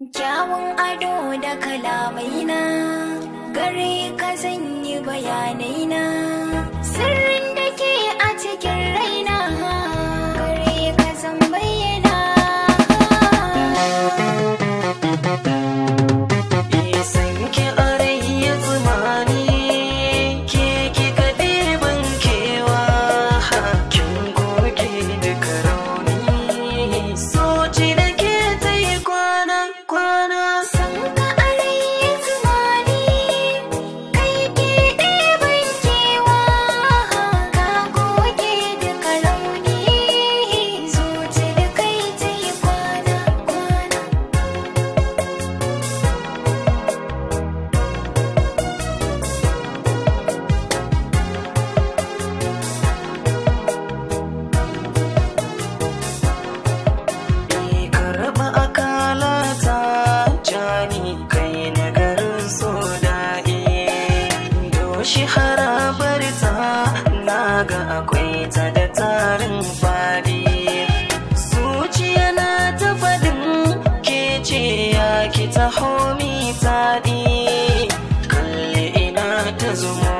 Kyawun ado da kalamai na, gare ka zanyi bayanai na, sirri shi harabar na ga akwai ta da tarin fadi zuciya na ta fadin ke ce ya ki tahomi homi taɗi kalli ina ta zumo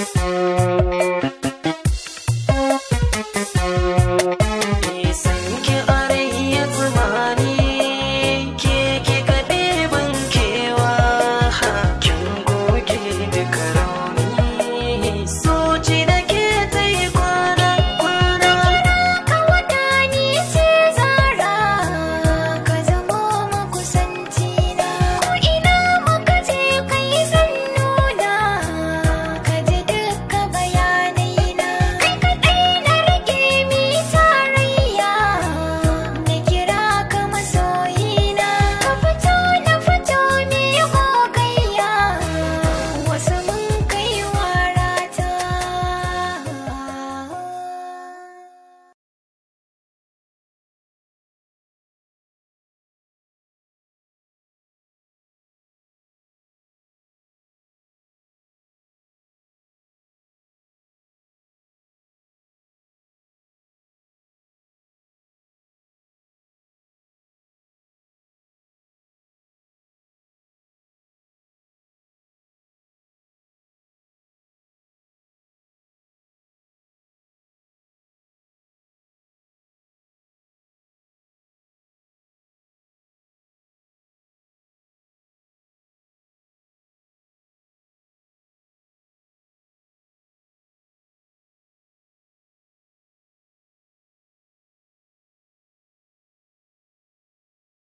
Thank you.